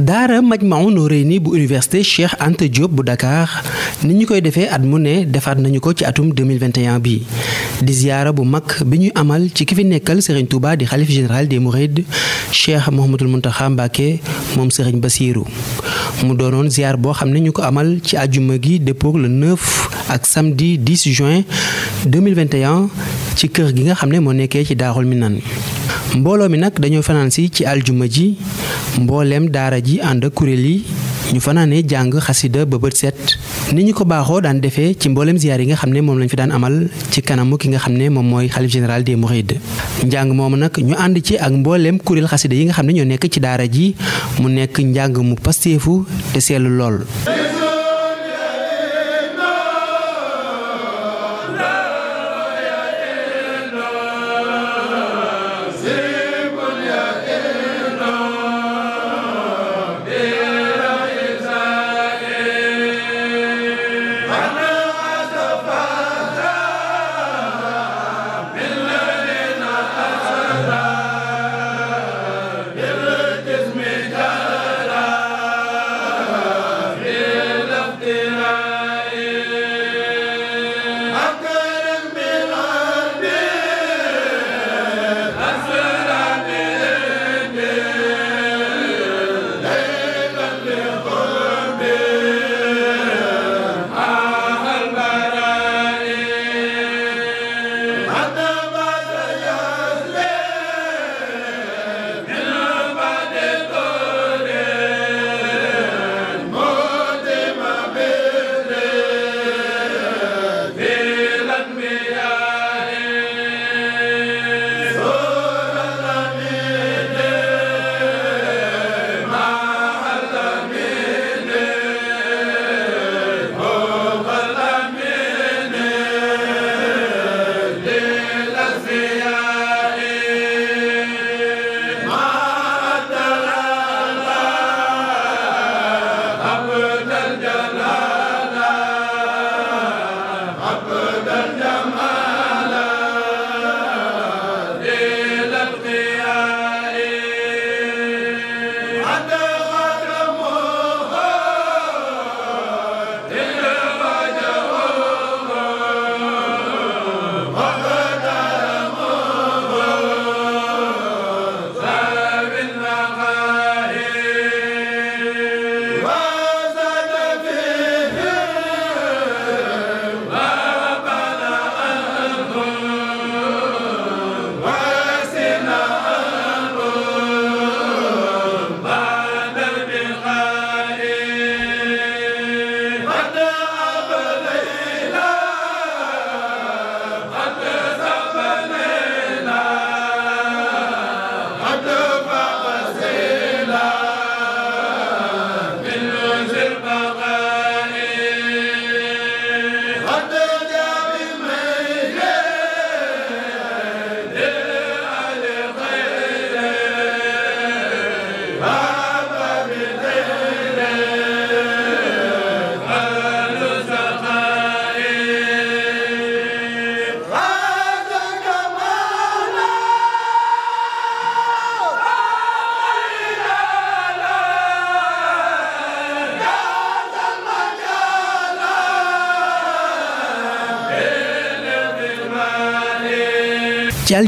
daara Majmahun nii bu université Cheikh Anta Diop bu Dakar ni ñu koy defee at mu ne defaat nañu ko ci atum 2021 bi di ziyaara bu mag bi ñuy amal ci ki fi nekkal Serigne Touba di xalif général des Mourides Cheikh Mouhamadul Mountakha Mbacké moom ba Bassirou mu doonoon ziyaar boo xam ne ñu ko amal ci àjjuma gi dëppook le 9 ak samedi 10 juin 2021 ci kër gi nga xam ne moo nekkee ci daaxul daarul minan mbooloo mi nag dañoo fanaan si ci aljuma ji mbooleem daara ji ànd ak kuréel yi ñu fanaanee jàng xasida ba bët set ni ñu ko baaxoo daan defee ci mbooleem ziyaar yi nga xam ne moom lañ fi daan amal ci kanamu ki nga xam ne moom mooy xalif général mu mourides njàng moomu nag ñu ànd ci ak mbooleem kuréel xasida yi nga xam ne ñoo nekk ci daara ji mu nekk njàng mu pasteefu te seelu lool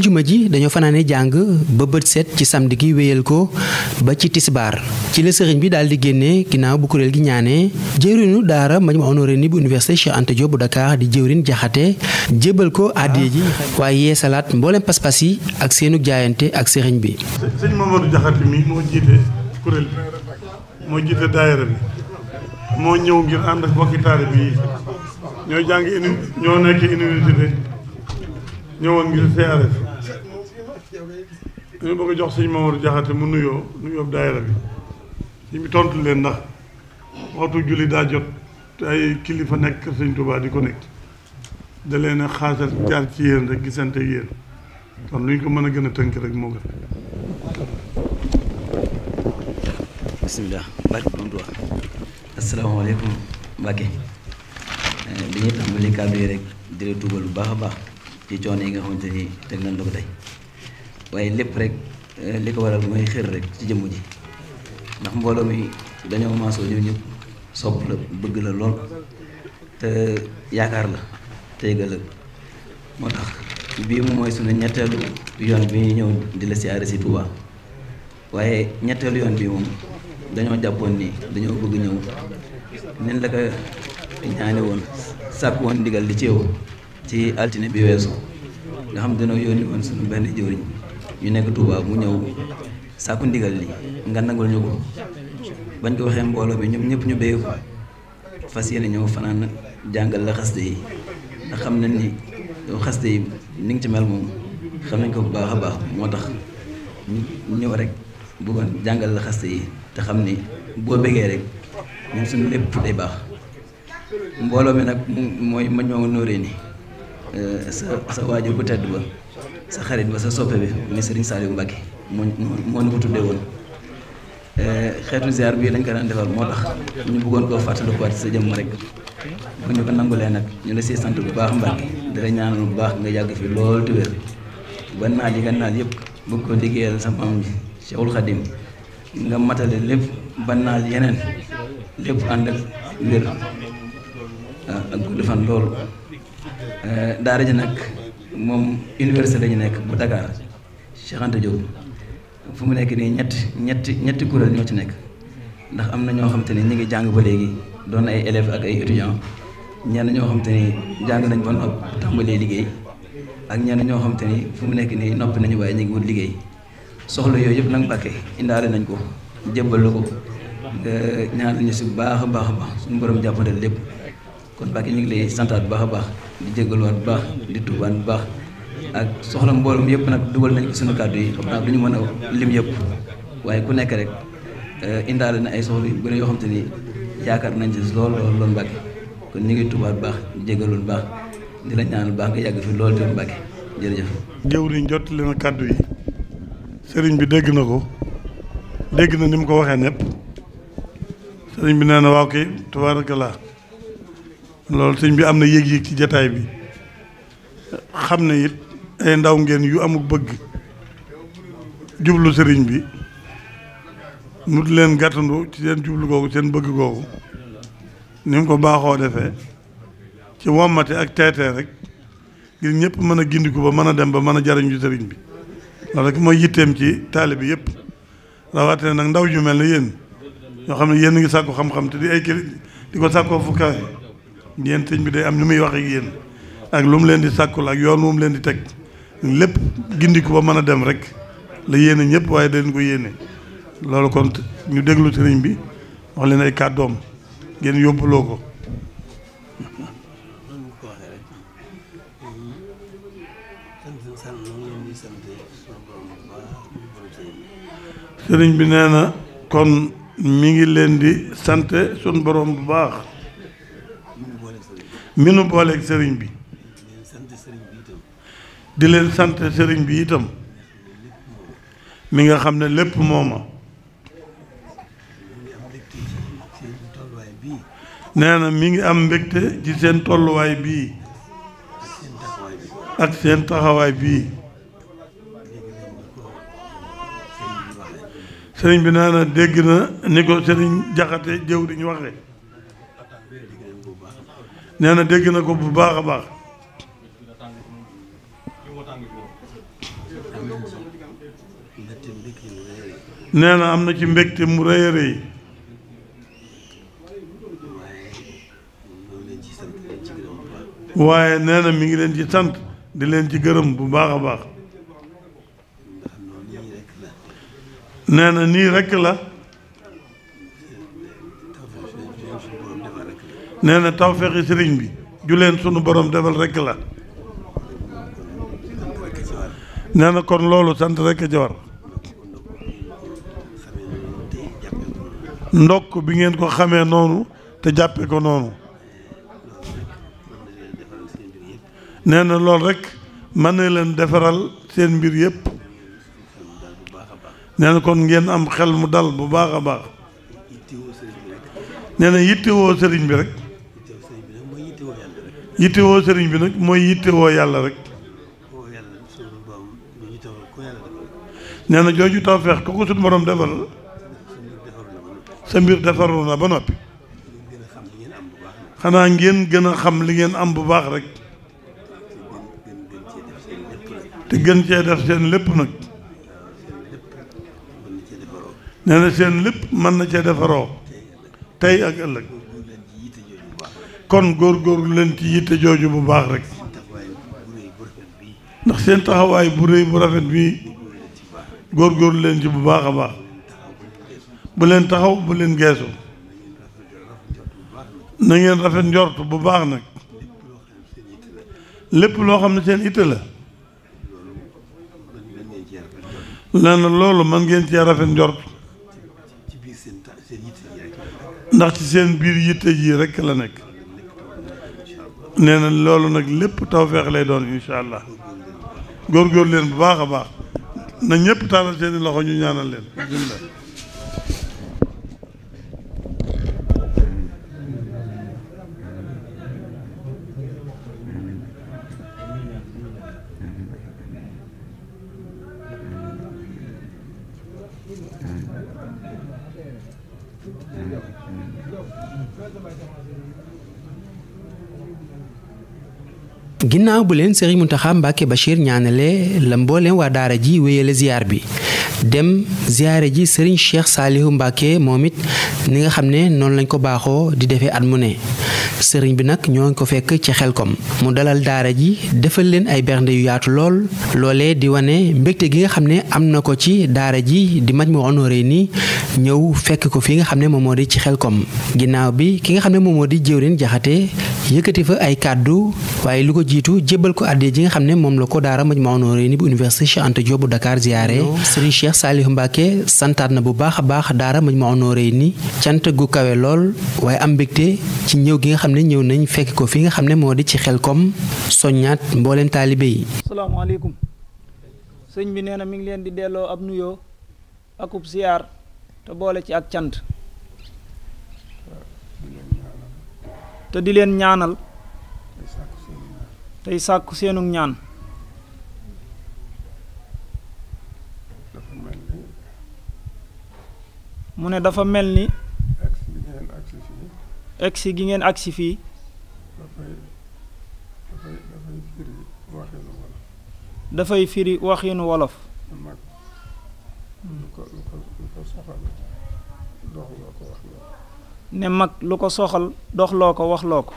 aljuma ji dañoo fanaane jàng ba bët set ci samedi gi wéyal ko ba ci tisbaar ci la sëriñ bi daal di génne ginnaaw bu kuréel gi ñaanee jëwrinu daara Majmahun Nurayni bu université Cheikh Anta Diop bu Dakar di jëwrin jaxate jébal ko àddee ji waaye yeesalaat mbooleem pas-pas yi ak seenu jaayante ak sëriñ bi moo jiite kuréel bi moo ñëw ngir ànd ak bokki taalibe ñoo jàng ñoo nekk université ñëwoon ngir siyaare dañu bëgg a jox sëñ Mamadou Diakhaté mu nuyoo nuyoo daayira bi si mu tontu leen ndax waxtu julli daa jot ay kilifa nekk sëñ Touba di ko nekk da ne a xaasal jaar ci yéen rek gisante yéen kon lu ñu ko mën a gën a tënk rek moo gën. bisimilah barke bu Tuuba asalaamaaleykum Mbacke eh, bi kàddu yi rek di la bu baax a baax ci coono yi nga xamante ni teg nañ la ko tey waaye lépp rek eh, li ko waral mooy xër rek ci jëmm ji ndax mbooloo mi dañoo maasoo ñëw ñëpp la bëgg la lool te yaakaar la tey ëllëg moo tax bii mu mooy suñu ñetteelu yoon bi ñëw di la siyaare si Tuubaa waaye ñetteelu yoon bi moom dañoo jàppoon ni dañoo bëgg ñëw nen la ko woon sàkk woon li ci yow ci altine bi weesu nga xam dañoo yónni woon suñu benn jëwriñ yu nekk Touba mu ñëw sàkku ndigal li nga nangul ñu ko bañ ko waxee mbooloo bi ñoom ñëpp ñu béy ko fas yéene ñëw fanaan jàngal la xaste yi ndax xam nañ ni yow xaste yi ni nga ci mel moom xam nañ ko bu baax a baax moo tax ñëw rek bëggoon jàngal la xaste yi te xam ni boo bëggee rek ñun suñu lépp day baax mbooloo mi nag mooy ma ñoo nóoree ni eh, sa sa waajur bu tedd ba sa xarit ba sa soppe bi muy Serigne Saliou Mbacke moo moo ñu ko tuddee woon eh, xeetu ziar bii dañ ko daan defal moo tax ñu bëggoon koo fàttalikuwaat sa jëmm rek bu ñu ko leen nag ñu la siy sant bu baax Mbacke dara ñaanal bu baax nga yàgg fi lool te wér ba naaj yi nga naaj yëpp bëgg ko liggéeyal sa maam si Cheikhul Khadim nga matale lépp ba naaj yeneen lépp ànd ak wér ah, ak gudd fan loolu eh, daara ji nag. moom université la ñu nekk bu Dakar Cheikh Anta Diop fu mu nekk nii ñetti ñetti ñetti kuréel ñoo ci nekk ndax am na ñoo xam te ne ñu ngi jàng ba léegi doon ay élèves ak ay étudiants ñenn ñoo xam te ni jàng nañ ba nopp tàmbalee liggéey ak ñenn ñoo xam te ni fu mu nekk nii noppi nañu waaye ñu ngi wut liggéey soxla yooyu yëpp nag Mbàkke indaale nañ ko jébbal ko nga ñaan ñu si bu baax a baax a baax suñu borom jàppandal lépp kon Mbàkke ñu ngi lay santaat di jégaluwaat baax di tuubaat bu baax ak soxla mboolum yëpp nag dugal nañ ko suñu kàddu yi xam naa du ñu mën a lim yëpp waaye ku nekk rek euh, indaale na ay soxla yu bëri yoo xam te ni yaakaar nañ ci lool lool lool Mbàkke kon ñu ngi tuubaat bu baax di jégalu bu baax di la ñaan baax nga yàgg fi lool te Mbàkke jërëjëf. yi jottali na kàddu yi sëriñ bi dégg na ko dégg na ni mu ko waxee népp sëriñ bi nee na waaw kay tubaarakalaa loolu sëñ bi am na yéeg yëg ci jataay bi xam na it ay ndaw ngeen yu amuk bëgg jublu sëriñ bi mu di leen gàttandu ci seen jublu googu seen bëgg googu ni mu ko baaxoo defe ci wommate ak teetee rek ngir ñëpp mën a gindiku ba mën a dem ba mën a jariñ ju sëriñ bi loolu rek mooy yitteem ci taali bi yëpp rawatina nag ndaw yu mel ne yéen ñoo xam ne yéen ngi sàkku xam-xam te di ay kër di ko sàkkoo fu yéen bi day am ñu muy wax ak yéen ak lu mu leen di sàkkul ak yoon wu leen di teg lépp gindiku ba mën a dem rek la yéene ñëpp waaye dañ ko yéene loolu ko ñu déglu sëriñ bi wax leen ay kàddoom ngeen yóbbuloo ko sëriñ bi nee kon mi ngi leen di sant sun borom bu baax mi nu booleeg sëriñ bi di leen sante sëriñ bi itam mi nga xam ne lépp mooma nee na mi ngi am mbégte ci seen tolluwaay bii ak seen taxawaay bii sëriñ bi nee na dégg na ni ko sëriñ jaxate jëw diñ waxe nee dégg na ko bu baax a baax nee am na ci mbégte mu rëy a rëy waaye nee na mi ngi leen ci sant di leen ci gërëm bu baax a baax nee nii rekk la nee na tawféexi sëriñ bi ju leen sunu boroom demal rekk la nee na kon loolu sant rekk ci war ndokk bi ngeen ko xamee noonu te jàppe ko noonu nee na loolu rekk mën na leen defaral seen mbir yépp nee na kon ngeen am xel mu dal bu baax a baax nee na yittewoo sëriñ bi rekk yittewoo sëriñ bi nag mooy yittewoo yàlla rek nee na jooju tawfeex ku ko sunu borom defal sa mbir defaru na ba noppi xanaa ngeen gën a xam li ngeen am bu baax rek te gën cee def seen lépp nag nee na seen lépp mën na cee defaroo tey ak ëllëg kon góor góorgóorlu leen ci yitte jooju bu baax rek ndax seen taxawaay bu rëy bu rafet bii góorlu leen ci bu baax a baax bu leen taxaw bu leen geesu na ngeen rafet njort bu baax nag lépp loo xam ne seen itte la lenn loolu mën ngeen cee rafet njort ndax ci seen biir yitte jii rekk la nekk nee loolu nag lépp tawfeex lay doon incha allah góorgóor leen bu baax a baax na ñëpp taalal seeni loxo ñu ñaanal leen ginnaaw bu leen Serigne Mountakha Mbacké Bachir ñaanale la mbooleem waa daara ji wéyale ziar bi dem ziare ji Serigne Cheikh Saliou Mbacké moom it ni nga xam ne noonu lañ ko baaxoo di defee at mu ne sëriñ bi nag ñoo ngi ko fekk ci xelkom mu dalal daara ji defal leen ay bernde yu yaatu lool loolee di wane mbégte gi nga xam ne am na ko ci daara ji di Majmahun Nurayni ñëw fekk ko fi nga xam ne moom moo di ci xelkom ginnaaw bi ki nga xam ne moom moo di jëwriñ jaxate yëkkati fa ay kàddu waaye lu ko jiitu jébbal ko àddee ji nga xam ne moom la ko daara Majmahun Nurayni bu université Cheikh Anta Diop bu Dakar ziyaare sëriñ Cheikh Saliou Mbacke santaat na bu baax a baax daara Majmahun Nurayni cant gu kawe lool waaye am mbégte ci ñëw gi nga xam ne ñëw nañ fekk ko fi nga xam ne moo di ci Xelcom soññaat mbooleem taalibe yi. asalaamaaleykum sëñ bi nee na mi ngi leen di delloo ab nuyoo akub siyaar te boole ci ak cant te di leen ñaanal tey sàkku seenug ñaan. mu ne dafa mel ni. agsi gi ngeen agsi fii dafay firi waxinu wolof ne mag lu ko soxal doxloo ko waxloo ko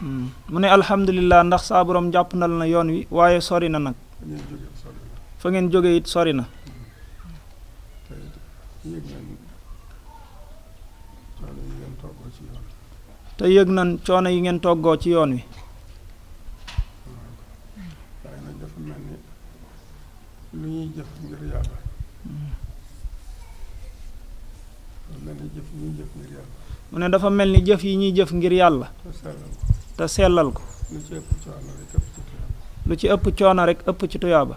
hmm. mu ne alhamdulilah ndax saa borom jàpp na la yoon wi waaye sori na nag fa ngeen jógee it sori na te yëg nan coono yi ngeen toggoo ci yoon wi lu mu ne dafa mel ni jëf yi ñuy jëf ngir yàlla te sellal ko lu ci ëpp coono rekk ëpp ci tuyaaba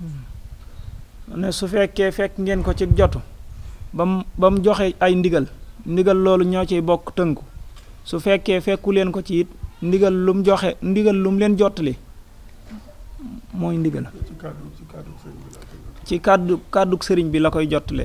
Hmm. ne su fekkee fekk ngeen ko ci jotu ba mu ba mu joxe ay ndigal ndigal loolu ñoo ciy bokk tënku su fekkee fekku leen ko ci it ndigal lu mu joxe ndigal lu mu leen jottali mooy ndigal ci kàddu kàddu sëriñ bi la koy jottale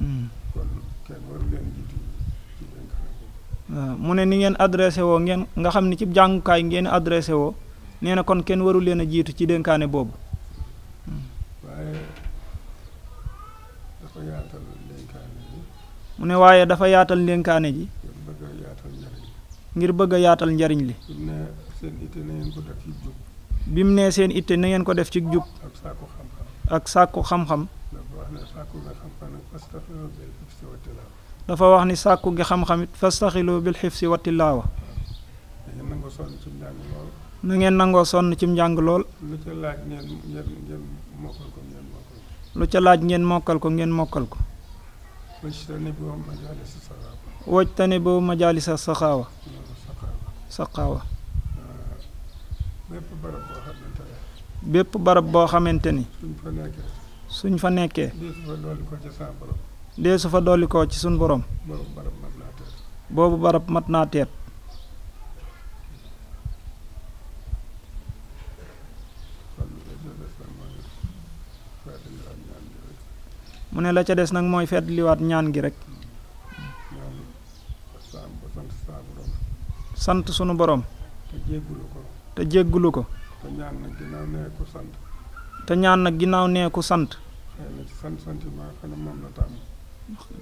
kon kenn mu ne ni ngeen adressé woo ngeen nga xam ne ci jàngukaay ngeen adressé woo nee na kon kenn warul leen a jiitu ci dénkaane boobu. mu ne waaye dafa yaatal dénkaane ji. ngir bëgg a yaatal njariñ li. bi mu nee seen itte na ngeen ko def ci jub. ak sàkku xam-xam. dafa wax ni sàkku gi xam-xam it fastaxilu bil xifsi wa tilaawa na ngeen nangoo sonn cim njàng lool. lu ca laaj ngeen mokkal ko ngeen mokkal ko. lu ca laaj ngeen majaalisa saxaawa. saxaawa. bépp barab bépp barab boo xamante ni. suñ fa nekkee. dee su fa dolli koo ci suñ borom. boobu barab mat naa teet. mu ne la ca des nag mooy feetliwaat ñaan gi rek. sant sunu boroom te jéggulu ko. te ñaan nag ginnaaw nee ku sant. te ñaan nag ginnaaw nee ku sant.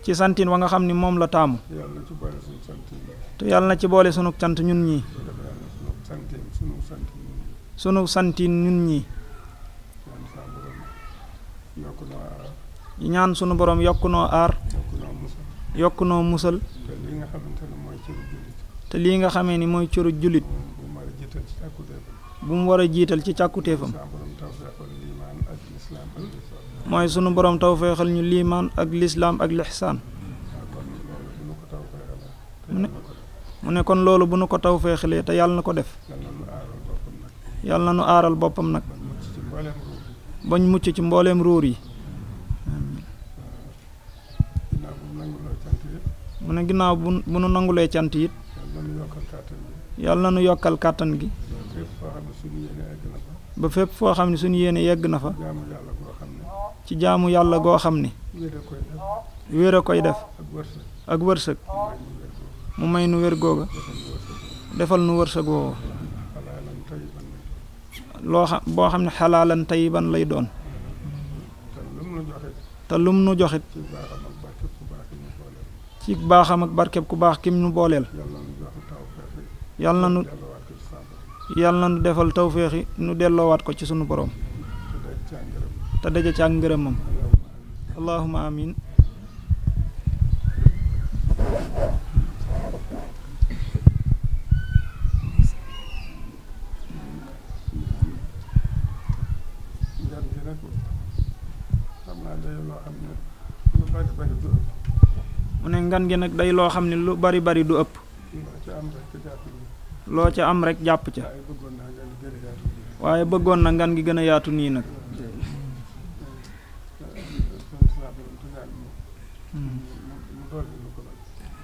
ci santin wa nga xam ni moom la taamu. te yàlla na ci boole sunu cant ñun ñii. sunu santiin ñun ñii. ñaan sunu boroom yokk noo aar. yokk noo musal. te lii nga xamee ni mooy curu jullit. bu mu war a jiital ci càkkutéefam. mooy sunu boroom taw feexal ñu liimaan ak lislaam ak lixsaan mu ne mu ne kon loolu bu nu ko taw feexalee te yàlla na ko def yàlla na nu aaral boppam nag bañ mucc ci mbooleem ruur yi mu ne ginnaaw bu bu nu nangulee cant it yàlla na nu yokkal kàttan gi ba fépp foo xam ne suñu yéene yegg na fa ci jaamu yàlla goo xam ni wéer a koy def ak wërsëg mu may nu wér googa defal nu wërsëg woowu loo xam boo xam ne xalaalan tayiban lay doon te lum nu joxit ci baaxam ak barkeb ku baax kim nu booleel yàlla na nu yàlla na nu defal tawféexi nu delloowaat ko ci sunu boroom daje ci ak ngërëmam allahuma mu ne ngan gi nag day loo xam ne lu bari bari du ëpp loo ca am rekk jàpp ca waaye bëggoon na ngan gi gën a yaatu nii nag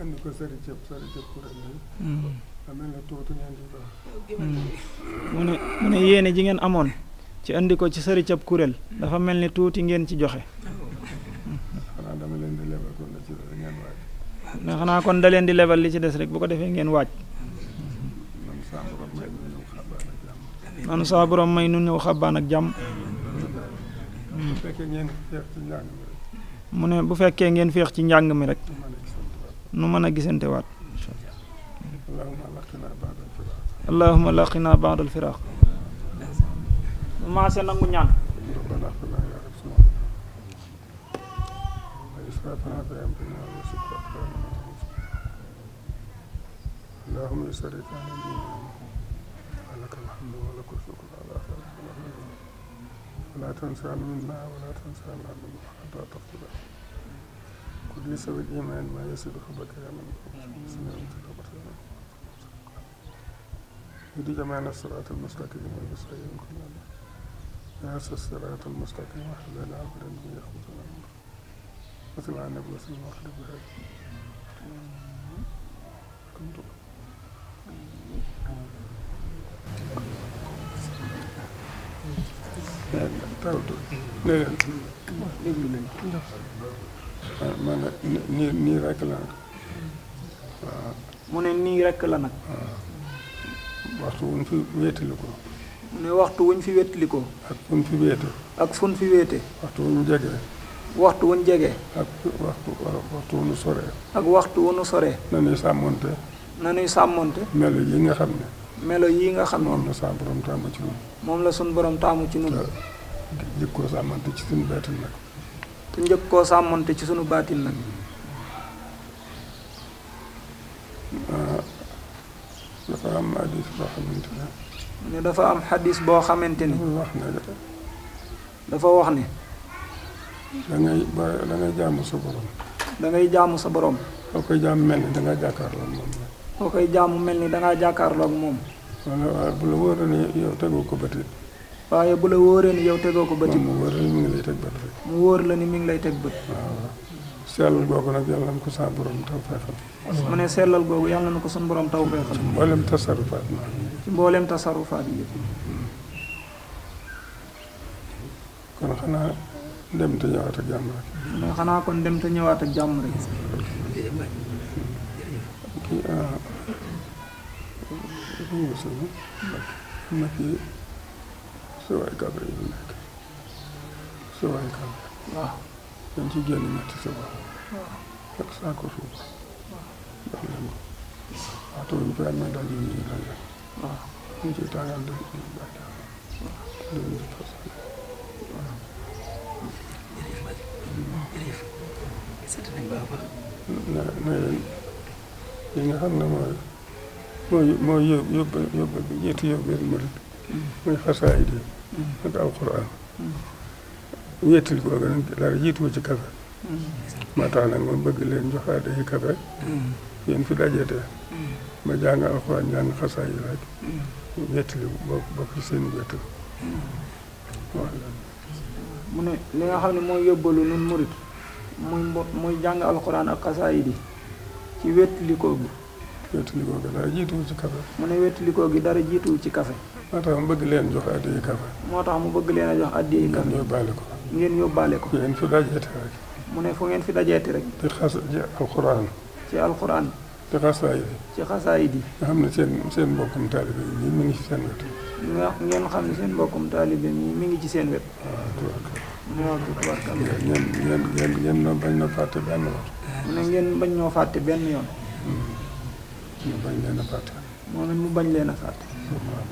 andi ko ku ren amel na mu ne mu ne yéene ji ngeen amoon ci indi ko ci sari ceeb kuréel dafa mel ni tuuti ngeen ci joxe xanaa dama leen xanaa kon da leen di lebal li ci des rek bu ko defee ngeen waaj man saa borom may nu ñëw xabaan ak jàmm mu ne bu fekkee ngeen féex ci njàng mi rek nu mën a gisante waat allahuma laqina baadal firaq إبليس والإيمان ما يسلك بكلاما يدي جمعنا الصراط المستقيم والمستقيم كلنا ناس الصراط المستقيم وحلال عبدا ويخوتنا مثل عن نبوة المخلب هذا كنت Thank you. man nii nii rek la nag waaw. mu ne nii rek la nag. waaw waxtu wuñ fi wéetali mu ne waxtu wuñ fi wéetali ko. ak fuñ fi wéete. ak fuñ fi wéete. waxtu wuñ jege. waxtu wuñ jege. ak waxtu waxtu wuñu sore. ak waxtu wuñu sore. na ñuy sàmmonte. na ñuy sàmmonte. melo yi nga xam ne. melo yii nga xam ne. moom la sunu borom taamu ci ñun. moom la sunu borom taamu ci ñun. te jikko sàmmante ci suñu béykat nag. te njëkk koo sàmmonte ci sunu baatin nag dafa am xadis boo xamante ne ne dafa am xadis boo xamante ne wax dafa wax ni da ngay ba da ngay jaamu sa borom da ngay sa borom boo koy jaamu mel ni da ngaa jàkkaarloog moom mel ni da ngaa jàkkaarloog moom waaye bu la wóoree yow tegoo ko bëti waaye bu la wóoree ne yow tegoo ko bëti moom mu wóor la ni mi ngi lay teg bët. waaw sellal googu nag yàlla na ko sa borom taw feexal. mu ne sellal googu yàlla na ko suñu boroom taw feexal. ci mboolem tasarufaat yi. ci mboolem xanaa dem te ñëwaat ak kon dem te ñëwaat ak jàmm rek. kii ah. am na waaw ah, dañ ci génn ñetti suba fekk saako suuf jox leen ko waaw tuuti bu fekkee mooy daje ñu ñu daje waaw ñu ciy tàngal dañ ciy bàyyi dañ ciy tas waaw. na na li nga xam ne mooy mooy mooy yób yóbbu yóbbu ñetti yóbbu yéen murit mm. muy xasaayid wéetal googu nag dara jiitu ci kafe mm. moo tax nag ma bëgg leen joxaat ay kafe mm. yéen fi dajeetee mm. ma jàng alxuraan jàng xasaa yi rek wéetali bokk bokk ci seen wéetal mu ne li nga xam ne mooy yóbbalu nun murit muy mbo muy jàng alxuraan ak xasaa yi di ci wéetalikoo gi wéetalikoo gi dara jiituwu ci kafe mu ne wéetalikoo gi dara jiituwu ci kafe moo tax mu bëgg leen jox addi yi kafe moo tax mu bëgg leen a jox addi yi kafe ñu baale ko ngeen yóbbaale ko. ngeen fi dajeete rek. mu ne foo ngeen fi dajeete rek. ci xas ci alxuraan. ci alxuraan. ci xasaayid. ci xasaayid yi. nga xam ne seen seen mbokkum taalibe yi mi ngi ci seen wet. nga ngeen xam ne seen mbokkum taalibe yi mi ngi ci seen wet. waaw tubarkalla. mu ne ngeen ngeen ngeen ngeen bañ noo fàtte benn yoon. mu ne ngeen bañ noo fàtte benn yoon. ñu bañ moo ne mu bañ leen a fàtte. waaw.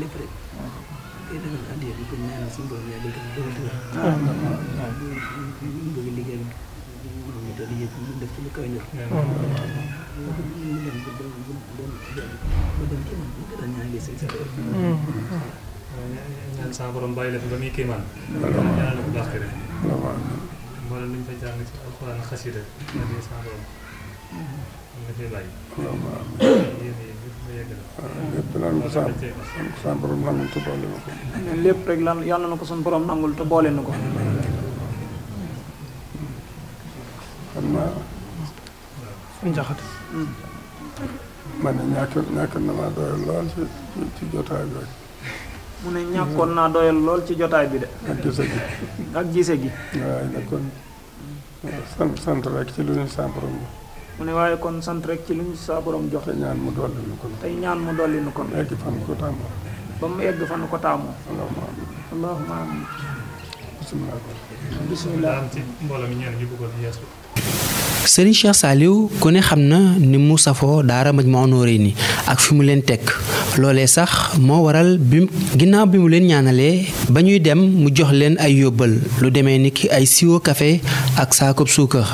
lépp rek tey da nga addiya bi pour ñaanal suñu borom yaa dégg ak doole doole. bëgg liggéey bi moom ñu doon yëpp ñu def ci lu kaw ñor. ñu dem ba dem ba dem ci man ñu gën a ñaanal seen sa borom. ñaan sa borom bàyyi la fi ba muy kéemaan. ñaanal ko baax rek. mboolem li ñu fa jàng ci alxuraan xasida. ñaan sa borom. lépp lan ko sa sa borom nangul te boole na ko. lépp rek lan yàlla na ko suñu borom nangul te boole na ko. xam naa. suñu jaxate. man ñàkk ñàkk na maa doyal lool ci jotaay bi rek. mu ne ñàkkoon naa doyal lool ci jotaay bi de. ak gise gi. ak gise gi. waaye nag kon sant rek ci lu ñu sa borom la. mu ne kon sant rek ci saa borom ku ne xam na ni mu safoo daara Majmahun Nurayni ak fi mu leen teg loolee sax moo waral bi ginnaaw bi mu leen ñaanalee ba ñuy dem mu jox leen ay yóbbal lu demee ni ki ay siwo kafe ak saakub suukar.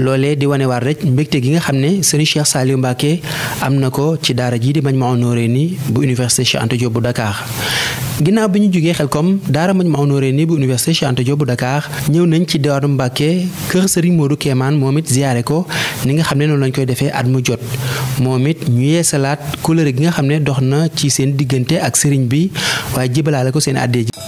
loole di wanewaat rek mbégte gi nga xam ne sëriñ Cheikh Saliou Mbacké am na ko ci daara jii di Majmahun Nurayni bu université Cheikh Anta Diop bu dakaar ginnaaw bi ñu jógee comme daara Majmahun Nurayni bu université Cheikh Anta bu dakaar ñëw nañ ci daaru Mbacké kër sëriñ Modou Kéemaan moom it ziyaare ko ni nga xam ne noonu lañ koy defee at mu jot moom it ñu yeesalaat couleur gi nga xam ne dox na ci seen diggante ak sëriñ bi waaye jibalaale ko seen àddee